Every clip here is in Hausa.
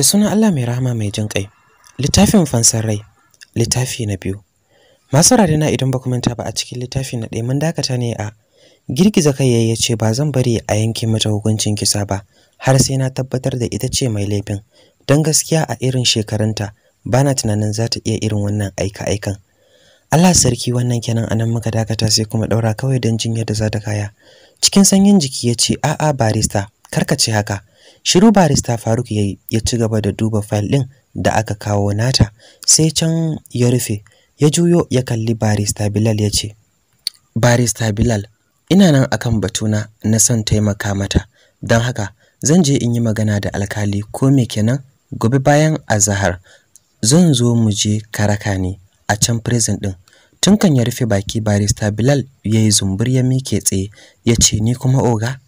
da sunan Allah mai rahama mai jin kai littafin fansar rai littafi na biyu masu na idan ba ku manta ba a cikin littafi na ɗaya mun dakata ne a girgiza kai yayi ce ba zan bari a yanke mata hukuncin kisa ba har sai na tabbatar da ita ce mai laifin don gaskiya a irin shekarunta ba na tunanin za ta iya irin wannan aika-aikan Allah sarki wannan kenan anan muka dakata sai kuma daura kawai don jin da za ta kaya cikin sanyin jiki ya ce a'a barista karka ce haka Shiru barista Faruk ya ya ci gaba da duba fayil ɗin da aka kawo nata, sai can ya rufe, ya juyo ya kalli barista Bilal ya ce, Barista Bilal, ina nan akan batuna na son taimaka mata, don haka zan je in yi magana da alkali ko me kenan gobe bayan azahar zan zo mu je karaka ne a can prison ɗin. Tun kan ya rufe baki barista Bilal ya yi zumbur ya mike tsaye ya ce ni kuma oga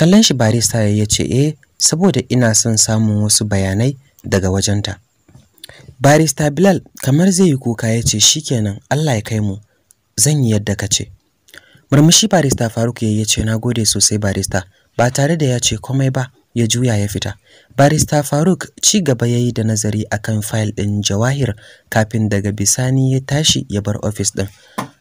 kallon shi barista ya ce eh saboda ina son samun wasu bayanai daga wajenta barista bilal kamar zai yi kuka ya ce kenan allah ya kai mu zan yi yadda ka ce murmushi barista faruk ya ce na gode sosai barista ba tare da ya ce komai ba ya juya ya fita barista faruk ci gaba ya yi da nazari akan fayil ɗin jawahir kafin daga bisani ya tashi ya bar ofis ɗin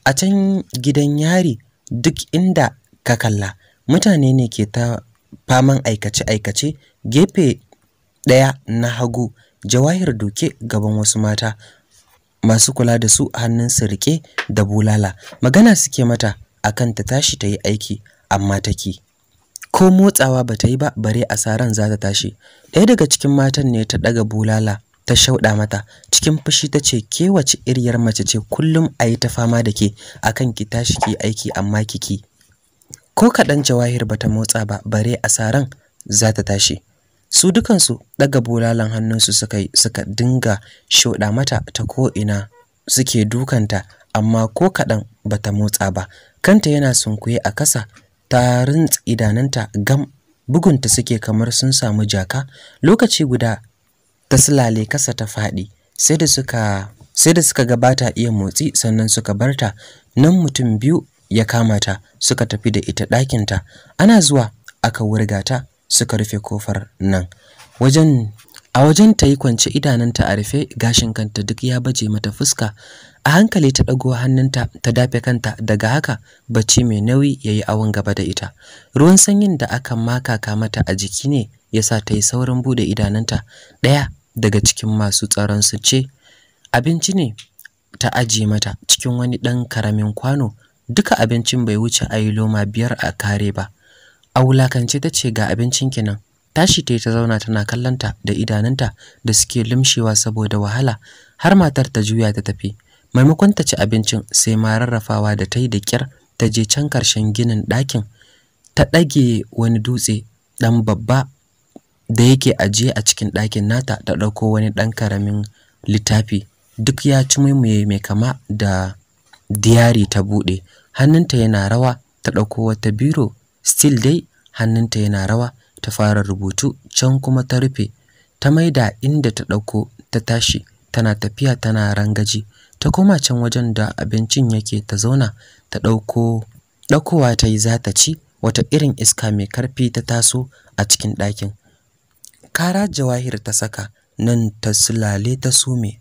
a can gidan yari duk inda ka kalla mutane ne ke ta faman aikace-aikace gefe ɗaya na hagu jawahir doke gaban wasu mata masu kula da su hannun su rike da bulala magana suke mata akan ta tashi ta yi aiki amma take ko motsawa ba ta yi ba bare asaran za ta tashi ɗaya daga cikin matan ne ta ɗaga bulala ta shauɗa mata cikin fushi ta ce kewace iriyar mace ce kullum a yi ta fama da ke akan ki tashi ki aiki amma kiki ko kaɗan jawahir bata motsa ba bare a saran za ta tashi su dukansu ɗaga bulalan hannunsu suka suka dinga shoɗa mata ta ko ina suke dukanta amma ko kaɗan bata motsa ba kanta yana sunkuye a kasa ta rintsa idananta gam bugunta suke kamar sun samu jaka lokaci guda ta silale kasa ta faɗi sai da suka sai da suka gabata iya motsi sannan suka barta nan mutum biyu ya kamata suka tafi da ita ɗakinta ana zuwa aka wurga ta suka rufe kofar nan wajen a wajen ta yi kwance idananta a rufe gashin kanta duk ya baje mata fuska a hankali ta ɗago hannunta ta dafe kanta daga haka bacci mai nauyi ya yi awon gaba da ita ruwan sanyin da aka makaka mata a jiki ne ya sa ta yi saurin buɗe idananta ɗaya daga cikin masu tsaron su ce abinci ne ta ajiye mata cikin wani ɗan karamin kwano duka abincin bai wuce a yi loma biyar a kare ba a wulakance ta ce ga abincin kinan tashi ta yi ta zauna tana kallonta da idanunta da suke limshewa saboda wahala har matar ta juya ta tafi maimakon ta ci abincin sai ma rarrafawa da ta yi da kyar ta je can karshen ginin ɗakin ta ɗage wani dutse ɗan babba da yake ajiye a cikin ɗakin nata ta ɗauko wani ɗan karamin littafi duk ya ci mai mai kama da diyari ta buɗe hannunta yana rawa ta ɗauko wata biro still dai hannunta yana rawa ta fara rubutu can kuma ta rufe ta maida inda ta ɗauko ta tashi tana tafiya tana rangaji ta koma can wajen da abincin yake ta zauna ta ɗauko ɗaukowa ta yi za ta ci wata irin iska mai karfi ta taso a cikin ɗakin kara jawahir ta saka nan ta sulale ta sume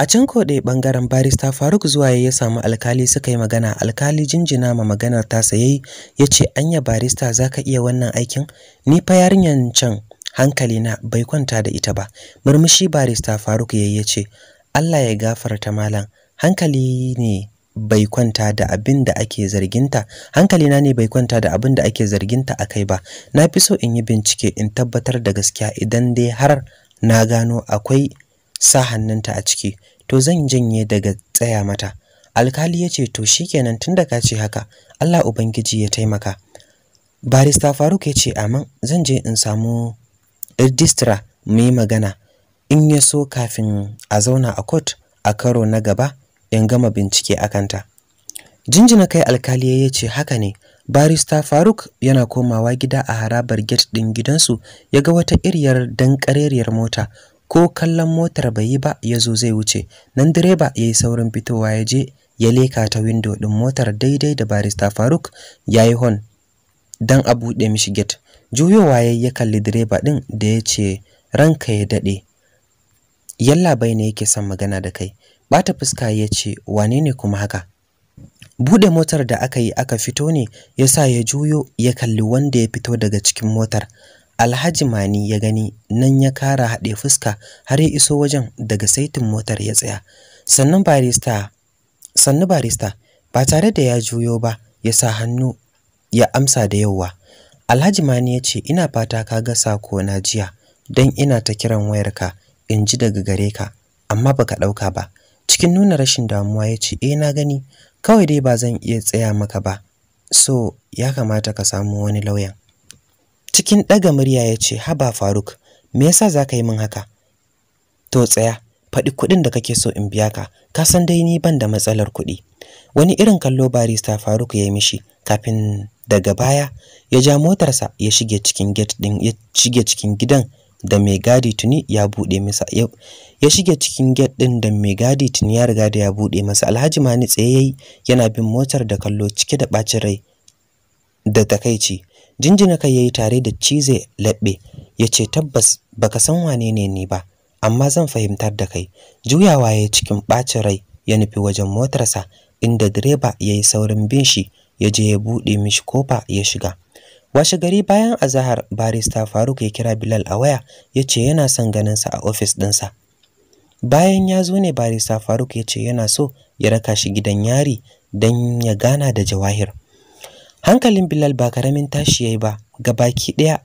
a can koɗe ɓangaren barista faruk zuwa ya samu alkali suka yi magana alkali jinjina ma maganar tasa yayi ya ce anya barista za ka iya wannan aikin ni fa yarinyan can hankalina bai kwanta da ita ba murmushi barista faruk yayi ya ce allah ya gafarta malam hankali ne bai kwanta da abin da ake zarginta hankalina ne bai kwanta da abin da ake zarginta a kai ba na fi so in yi bincike in tabbatar da gaskiya idan dai har na gano akwai sa hannunta a ciki to zan janye daga tsaya mata alkali ya ce to shikenan tunda ka ce haka Allah ubangiji ya taimaka barista Faruk ya ce zan je in samu registrar mu yi magana in ya so kafin a zauna a court a karo na gaba in gama bincike akanta jinjina kai alkali ya ce haka ne barista Faruk yana komawa gida a harabar gate ɗin gidansu ya ga wata iriyar dan mota ko kallon motar bai yi ba ya zo zai wuce nan direba ya yi saurin fitowa ya je ya leka ta windo ɗin motar daidai da barista faruk ya yi hon don a buɗe mishi gate juyowa ya ya kalli direba ɗin da ya ce ranka ya daɗe yalla bai ne yake son magana da kai bata fuska ya ce wane ne kuma haka buɗe motar da aka yi aka fito ne ya sa ya juyo ya kalli wanda ya fito daga cikin motar Alhaji Mani ya gani nan ya kara haɗe fuska har ya iso wajen daga saitin motar ya tsaya. Sannan barista sannu barista ba tare da ya juyo ba ya sa hannu ya amsa da yauwa. Alhaji Mani ya ce ina fata ka ga sako na jiya don ina ta kiran wayarka in ji daga gare ka amma baka ɗauka ba. Cikin nuna rashin damuwa ya ce eh na gani kawai dai ba zan iya tsaya maka ba so ya kamata ka samu wani lauyan. cikin ɗaga murya ya ce haba faruk me yasa za ka yi min haka to tsaya faɗi kuɗin da kake so in biya ka ka san dai ni ban da matsalar kuɗi wani irin kallo barista faruk ya yi mishi kafin daga baya ya ja motarsa ya shige cikin gate din ya shige cikin gidan da mai gadi tuni ya bude masa ya shige cikin gate din da mai gadi tuni ya riga da ya bude masa Alhaji Mani tsaye yana bin motar da kallo cike da bacin rai da takaici. jinjina kai yayi tare da cize labbe yace tabbas baka san wane ne ni ba amma zan fahimtar da kai juyawa ya cikin bacin rai ya nufi wajen motarsa inda direba yayi saurin bin shi ya je ya bude mishi kofa ya shiga washe gari bayan azahar barista Faruk ya kira Bilal a waya yace yana son ganin sa a office dinsa bayan ya zo ne barista Faruk yace yana so ya raka shi gidan yari dan ya gana da Jawahir hankalin bilal ba karamin tashi yayi ba gabaki daya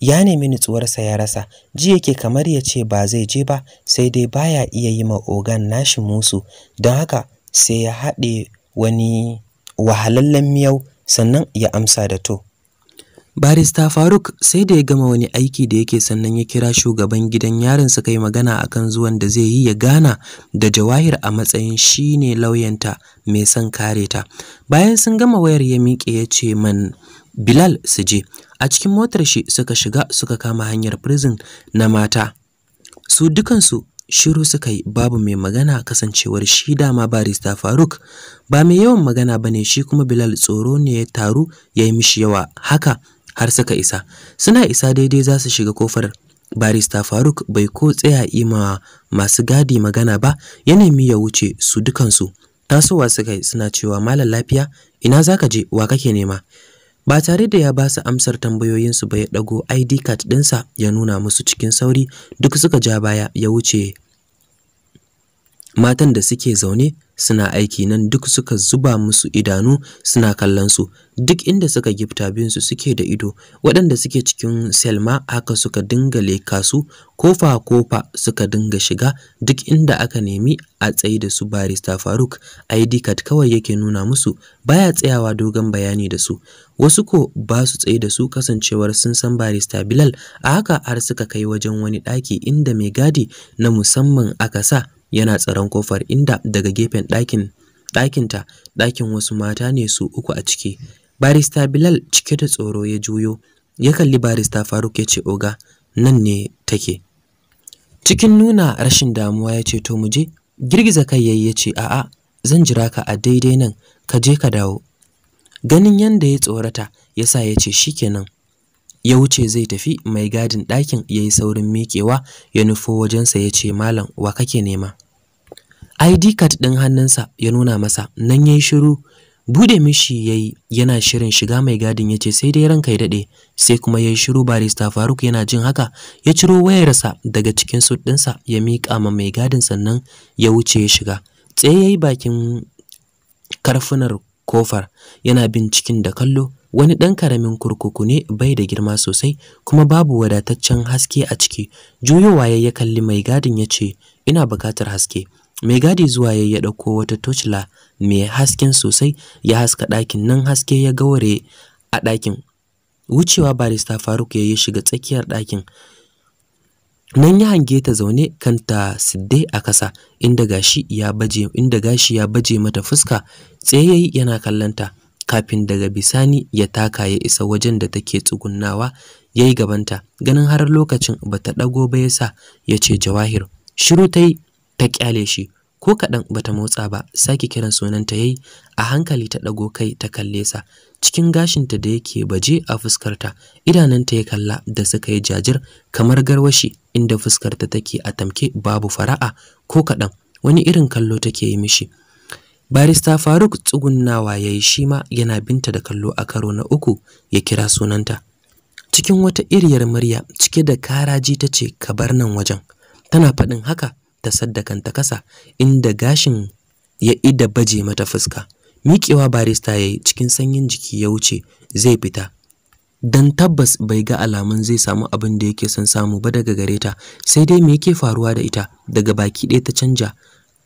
ya nemi nutsuwarsa ya rasa ji yake kamar ya ce ba zai je ba sai dai baya iya yi ma ogan nashi musu don haka sai ya haɗe wani wahalallen miyau sannan ya amsa da to Barista Faruk sai da ya gama wani aiki da yake sannan ya kira shugaban gidan yarin suka yi magana akan zuwan da zai yi ya gana da Jawahir a matsayin shine lauyanta mai son kare ta. Bayan sun gama wayar ya miƙe ya ce man Bilal su je. A cikin motar shi suka shiga suka kama hanyar prison na mata. Su dukansu shiru suka yi babu mai magana kasancewar shi dama barista Faruk ba mai yawan magana bane shi kuma Bilal tsoro ne ya taru ya yi mishi yawa haka har suka isa suna isa daidai za su shiga kofar barista faruk bai ko tsaya ima masu gadi magana ba ya nemi ya wuce su dukansu tasowa suka suna cewa malam lafiya ina zaka je wa kake nema ba tare da ya ba su amsar tambayoyinsu ba ya ɗago id card ɗinsa ya nuna musu cikin sauri duk suka ja baya ya wuce matan da suke zaune suna aiki nan duk suka zuba musu idanu suna kallon su duk inda suka gifta bin su suke da ido waɗanda suke cikin selma haka suka dinga leka su kofa kofa suka dinga shiga duk inda aka nemi a tsaye da su barista Faruk ID card kawai yake nuna musu baya tsayawa dogon bayani da su wasu ko ba su tsaye da su kasancewar sun san barista Bilal a haka har suka kai wajen wani ɗaki inda mai gadi na musamman aka sa yana tsaron kofar inda daga gefen ɗakin ɗakinta ɗakin wasu mata ne su uku a ciki barista Bilal cike da tsoro ya juyo ya kalli barista Faruk ya ce oga nan ne take cikin nuna rashin damuwa ya ce to muje girgiza kai yayi ya ce a'a zan jira ka a daidai nan ka je ka dawo ganin yanda ya tsorata ya sa ya ce shikenan ya wuce zai tafi mai gadin ɗakin ya yi saurin miƙewa ya nufo wajensa ya ce malam wa kake nema ID card ɗin hannunsa ya nuna masa nan yayi shiru bude mishi yayi yana shirin shiga mai gadin yace sai dai ranka ya dade sai kuma yayi shiru barista Faruk yana jin haka ya ciro wayarsa daga cikin sut ɗinsa ya mika ma mai gadin sannan ya wuce ya shiga tsaye yayi bakin karfunar kofar yana bin cikin da kallo wani ɗan karamin kurkuku ne bai da girma sosai kuma babu wadataccen haske a ciki juyowa ya kalli mai gadin yace ina bukatar haske mai gadi zuwa ya ya ɗauko wata tocila mai hasken sosai ya haska ɗakin nan haske ya gaure a ɗakin wucewa barista faruk ya yi shiga tsakiyar ɗakin nan ya hange ta zaune kanta sidde a kasa inda gashi ya baje mata fuska tsayayi yana kallanta kafin daga bisani ya taka ya isa wajen da take tsugunnawa yayi gabanta ganin har lokacin bata ɗago ba yasa yace jawahir shiru tai ta kyale shi ko kaɗan bata motsa ba sake kiran sunanta yayi a hankali ta ɗago kai ta kalle sa cikin gashinta da yake baje a fuskarta idananta ya kalla da suka yi jajir kamar garwashi inda fuskarta take a tamke babu fara'a ko kaɗan wani irin kallo take yi mishi barista faruk tsugunnawa ya yi shi ma yana binta da kallo a karo na uku ya kira sunanta cikin wata iriyar murya cike da karaji ta ce ka bar nan wajen tana faɗin haka ta sadda kanta kasa inda gashin ya ida baje mata fuska miƙewa barista yayi cikin sanyin jiki ya wuce zai fita dan tabbas bai ga alamun zai samu abin da yake son samu ba daga gare ta sai dai me yake faruwa da ita daga baki ɗaya ta canja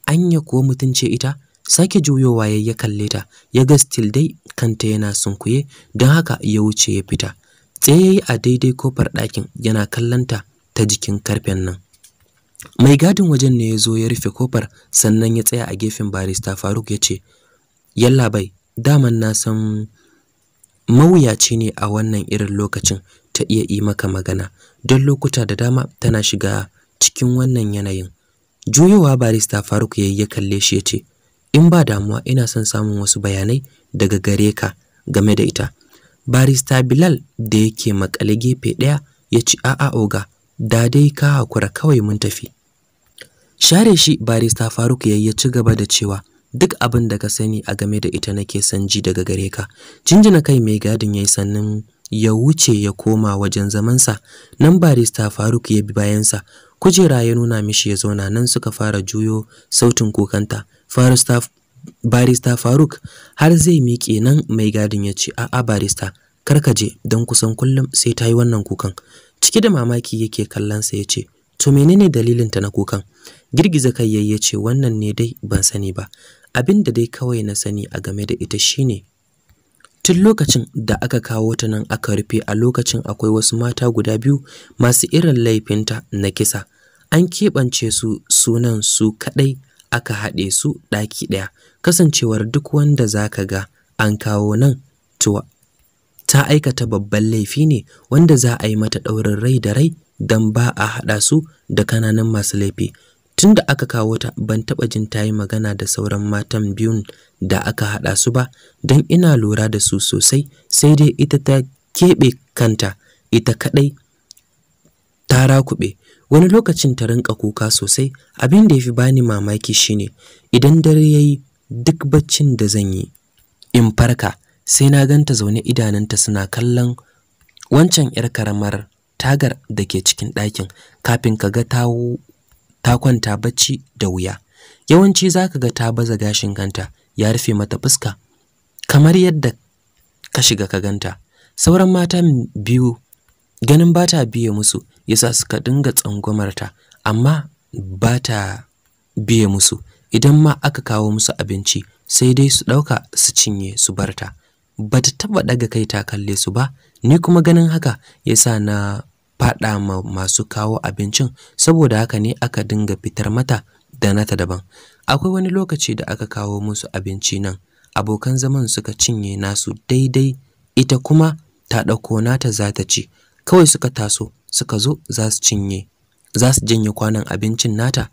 anya kuwa mutunce ita sake juyowa yayi ya kalle ta ya ga still dai kanta yana sunkuye don haka ya wuce ya fita tsaye a daidai kofar ɗakin yana kallanta ta jikin karfen nan mai gadin wajen ne ya zo ya rufe kofar sannan ya tsaya a gefen barista faruk ya ce bai daman na san mawuyaci ne a wannan irin lokacin ta iya yi maka magana don lokuta da dama tana shiga cikin wannan yanayin juyowa barista faruk ya yi ya kalle shi ya ce in ba damuwa ina son samun wasu bayanai daga gare ka game da ita barista bilal da yake makale gefe ɗaya ya ci a'a oga da dai ka hakura kawai mun tafi Share shi barista Faruk yayi ya ci gaba da cewa duk abin da ka sani a game da ita nake san ji daga gare ka. Jinjina kai mai gadin yayi sannan ya wuce ya koma wajen zamansa nan barista Faruk ya bi bayansa kujera ya nuna mishi ya zauna nan suka fara juyo sautin kokanta barista Faruk har zai miƙe nan mai gadin ya ce a'a barista kar ka je." don kusan kullum sai ta yi wannan kukan ciki da mamaki yake kallon sa ce, to menene dalilin ta na kukan girgiza kai yayye ce wannan ne dai ban sani ba abin da dai kawai na sani a game da ita shine tun lokacin da aka kawo ta nan aka rufe a lokacin akwai wasu mata guda biyu masu irin laifinta na kisa an keɓance su sunan su kaɗai aka haɗe su ɗaki ɗaya kasancewar duk wanda za ka ga an kawo nan tuwa ta aikata babban laifi ne wanda za a yi mata ɗaurin rai da rai don ba a haɗa su da kananan masu laifi Tun da aka kawo ta ban taɓa jin ta yi magana da sauran matan biyun da aka haɗa su ba don ina lura da su sosai sai dai ita ta keɓe kanta ita kadai ta rakuɓe wani lokacin ta rinka kuka sosai abin da ya fi bani mamaki shine idan dare ya yi duk baccin da zan yi in farka sai na ganta zaune idanunta suna kallon wancan 'yar karamar tagar da ke cikin ɗakin kafin ka ga ta ta kwanta bacci da wuya yawanci zaka ga ta baza gashin kanta ya rufe mata fuska kamar yadda ka shiga ka ganta sauran mata biyu ganin bata biye musu yasa suka dinga ta amma bata biye musu idan ma aka kawo musu abinci sai dai su dauka su cinye su barta bata taba daga kai ta kalle su ba ni kuma ganin haka yasa na faɗa ma masu kawo abincin saboda haka ne aka dinga fitar mata da nata daban akwai wani lokaci da aka kawo musu abinci nan abokan zaman suka cinye nasu daidai ita kuma ta ɗauko nata za ta ci kawai suka taso suka zo za su cinye za su janye kwanan abincin nata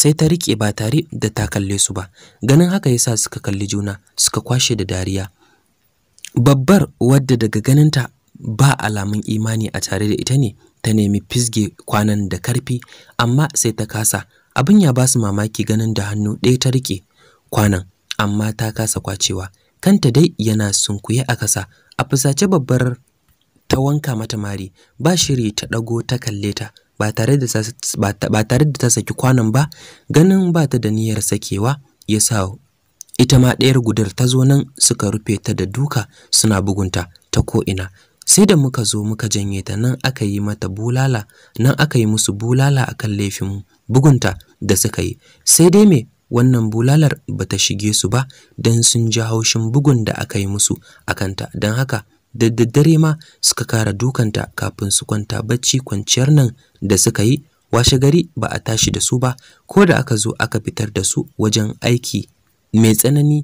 sai ta riƙe ba tare da ta kalle su ba ganin haka yasa suka kalli juna suka kwashe da dariya babbar wadda daga ganinta ba alamun imani a tare da ita ne ta nemi fisge kwanan da karfi amma sai ta kasa abin ya ba su mamaki ganin da hannu ɗaya ta rike kwanan amma ta kasa kwacewa kanta dai yana sunkuye a kasa a fusace babbar ta wanka mata mari ba shiri ta ɗago ta kalle ta ba tare da ta saki kwanan ba ganin ba ta da niyyar sakewa ya sa ita ma ɗayar gudar ta zo nan suka rufe ta da duka suna bugunta ta ko'ina sai da muka zo muka janye ta nan aka yi mata bulala nan aka yi musu bulala akan laifin bugunta da suka yi sai dai me wannan bulalar ba ta shige su ba don sun ji haushin bugun da aka yi musu a kanta, don haka da daddare ma suka kara dukanta kafin su kwanta bacci kwanciyar nan da suka yi washe gari ba a tashi da su ba ko da aka zo aka fitar da su wajen aiki mai tsanani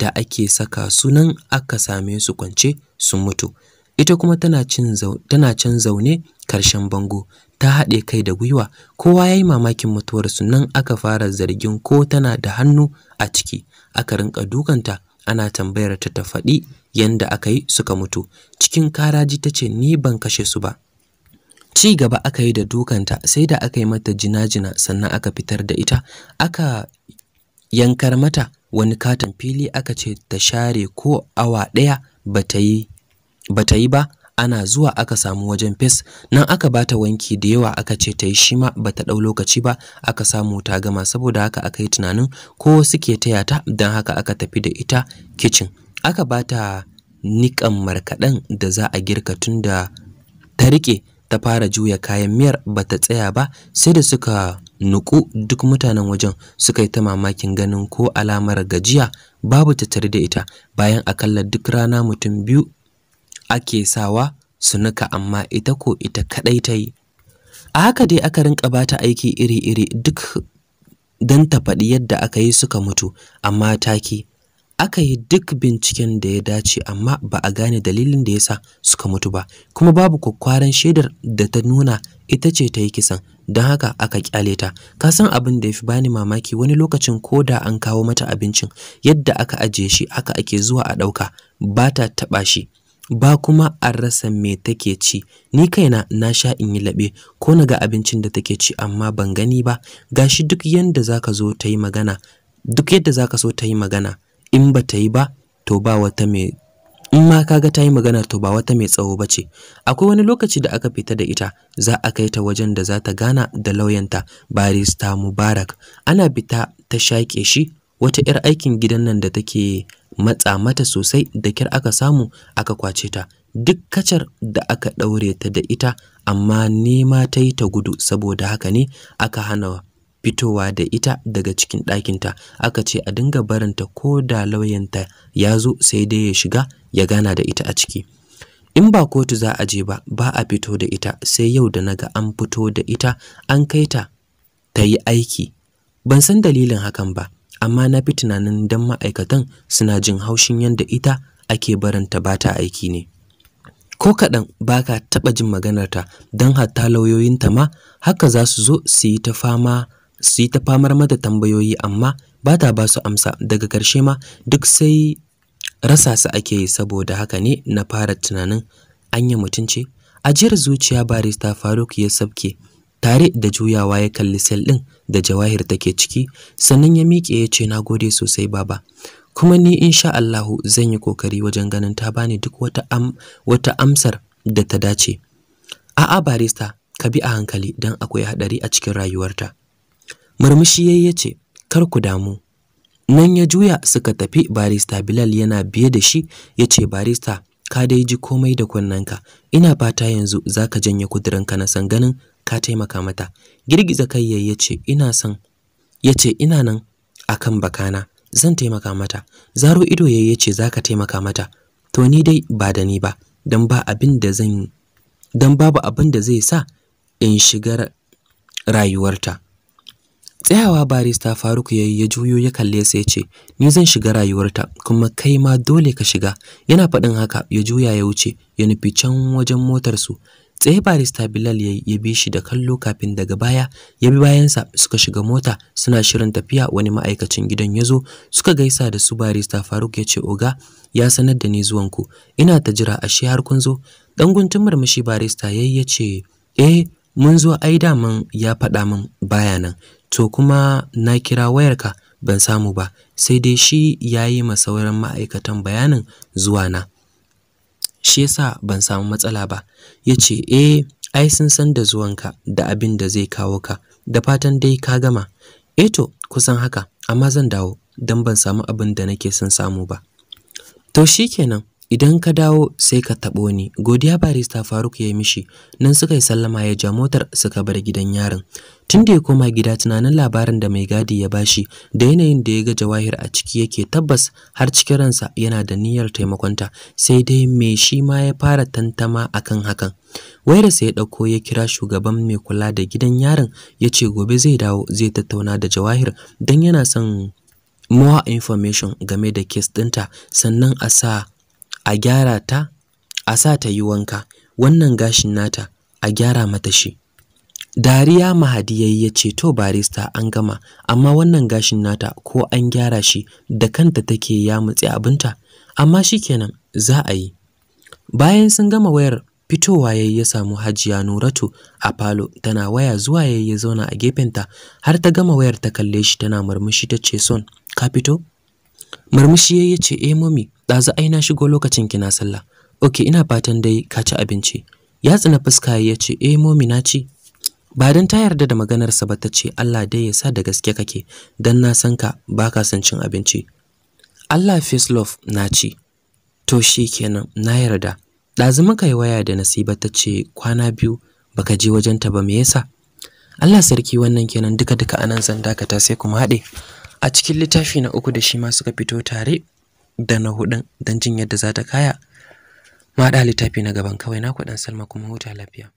da ake saka sunan aka same su kwance sun mutu ita kuma tana can zaune karshen bango ta haɗe kai da gwiwa kowa ya yi mamakin mutuwarsu nan aka fara zargin ko tana da hannu a ciki aka rinka dukanta ana tambayar ta ta faɗi yanda aka yi suka mutu cikin karaji ta ce ni ban kashe su ba ci gaba aka yi da dukanta sai da aka yi mata jina-jina sannan aka fitar da ita aka yankar mata wani katon fili aka ce ta share ko awa ɗaya ba ta yi Ba ta yi ba ana zuwa aka samu wajen fes nan aka bata wanki da yawa aka ce ta yi shi ma ta ɗau lokaci ba aka samu ta gama saboda haka aka yi tunanin ko suke taya ta don haka aka tafi da ita kicin aka bata niƙan markaɗen da za a girka tun da ta riƙe ta fara juya kayan miyar ba ta tsaya ba sai da suka nuku duk mutanen wajen suka yi ta mamakin ganin ko alamar gajiya babu tattare da ita bayan a kalla duk rana mutum biyu ake sawa su nuka amma ita ko ita kadai ta yi a haka dai aka rinka ta aiki iri-iri duk don ta faɗi yadda aka yi suka mutu amma taki aka yi duk binciken da ya dace amma ba a gane dalilin da ya sa suka mutu ba kuma babu kwakwaran shaidar da ta nuna ita ce ta yi kisan don haka aka kyale ta ka san abin da ya fi bani mamaki wani lokacin ko da an kawo mata abincin yadda aka ajiye shi haka ake zuwa a ɗauka ba ta taɓa shi ba kuma a rasa me take ci ni kaina na sha in yi laɓe ko na ga abincin da take ci amma ban gani ba gashi duk yanda zaka zo ta yi magana duk yadda zaka so ta yi magana in ba ta yi ba to ba wata mai in ma kaga ta yi magana to ba wata mai tsawo ba ce akwai wani lokaci da aka fita da ita za a kai ta wajen da za ta gana da lauyanta barista mubarak ana fita ta shaƙe shi wata 'yar aikin gidan nan da take matsa mata sosai da kyar aka samu aka kwace ta duk kacar da aka ɗaure ta da ita amma nema ta yi ta gudu saboda haka ne aka hana fitowa da ita daga cikin ɗakinta aka ce a dinga barinta ko da lauyanta ya zo sai dai ya shiga ya gana da ita a ciki in ba kotu za a je ba ba a fito da ita sai yau da naga an fito da ita an kai ta ta yi aiki ban san dalilin hakan ba amma na fi tunanin dan ma'aikatan suna jin haushin yadda ita ake baranta ba ta aiki ne ko kaɗan ba ka taɓa jin maganarta don hatta lauyoyinta ma haka za su zo su yi ta famar mata tambayoyi amma ba ta ba su amsa daga ƙarshe ma duk sai rasa su ake yi saboda haka ne na fara tunanin anya mutunce ajiyar zuciya barista faruk ya sabke tare da juyawa ya kalli sel ɗin da jawahir take ciki sannan ya miƙe ya ce na gode sosai baba kuma ni insha Allahu zan yi kokari wajen ganin ta bani duk wata am wata amsar da ta dace a'a barista ka bi a hankali dan akwai hadari a cikin rayuwarta murmushi yayi yace kar ku damu nan ya juya suka tafi barista Bilal yana biye da shi yace barista ka dai ji komai da kunnanka ina fata yanzu zaka janye kudiranka na san ganin ka taimaka mata girgiza kai yayi ce ina son yace ina nan akan bakana zan taimaka mata zaro ido ya ce za ka taimaka mata to ni dai ba da ni ba don ba abin da dan babu abin da zai sa in shiga rayuwarta tsayawa barista Faruk yayi ya juyo ya kalle sa yace ni zan shiga rayuwarta kuma kai ma dole ka shiga yana faɗin haka ya juya ya wuce ya nufi can wajen motarsu. su tsaye barista Bilal ya ya bi shi da kallo kafin daga baya ya bi bayansa suka shiga mota suna shirin tafiya wani ma'aikacin gidan ya zo suka gaisa da su barista Faruk ya ce oga ya sanar da ni zuwanku ina ta jira ashe har kun zo dan guntun murmushi barista yayi ya ce eh mun zo ai mun ya faɗa mun baya nan to kuma na kira wayarka ban samu ba sai dai shi yayi ma sauran ma'aikatan bayanin zuwa na shi yasa ban samu matsala ba yace eh ai sun san da zuwanka da abin da zai kawo ka da fatan dai ka gama eh to kusan haka amma zan dawo dan ban samu abin da nake son samu ba to shikenan idan ka dawo sai ka taɓa ni godiya barista faruk ya mishi nan suka yi sallama ya ja motar suka bar gidan yarin tun da ya koma gida tunanin labarin da mai gadi ya bashi da yanayin da ya ga jawahir a ciki yake tabbas har cikin ransa yana da niyyar taimakonta sai dai me shi ma ya fara tantama akan hakan Wai sai ya ɗauko ya kira shugaban mai kula da gidan yarin ya ce gobe zai dawo zai tattauna da jawahir don yana son more information game da kes ɗinta sannan a sa a gyara ta a sa ta yi wanka wannan gashin nata a gyara mata shi dariya mahadi ya yi ce to barista an gama amma wannan gashin nata ko an gyara shi da kanta take ya mutse abinta amma shi shikenan za a yi bayan sun gama wayar fitowa yayi ya samu Hajiya Nuratu a falo tana waya zuwa yayi ya zauna a gefenta har ta gama wayar ta kalle shi tana murmushi ta ce son ka fito murmushi ya ce eh mami ɗazu ai na shigo lokacin kina sallah Oke ina fatan dai ka ci abinci ya tsina fuska ya ce eh momi na ci ba dan ta yarda da maganarsa ba ta ce Allah dai ya sa da gaske kake dan na san ka ba ka san cin abinci Allah face love na ci to kenan, na yarda ɗazu muka yi waya da Nasiba ta ce kwana biyu baka je wajenta ba me yasa Allah sarki wannan kenan duka duka anan zan dakata sai kuma haɗe a cikin littafi na uku da shi ma suka fito tare da na hudun don jin yadda za ta kaya Maɗa littafi na gaban kawai na kuɗin salma kuma huta lafiya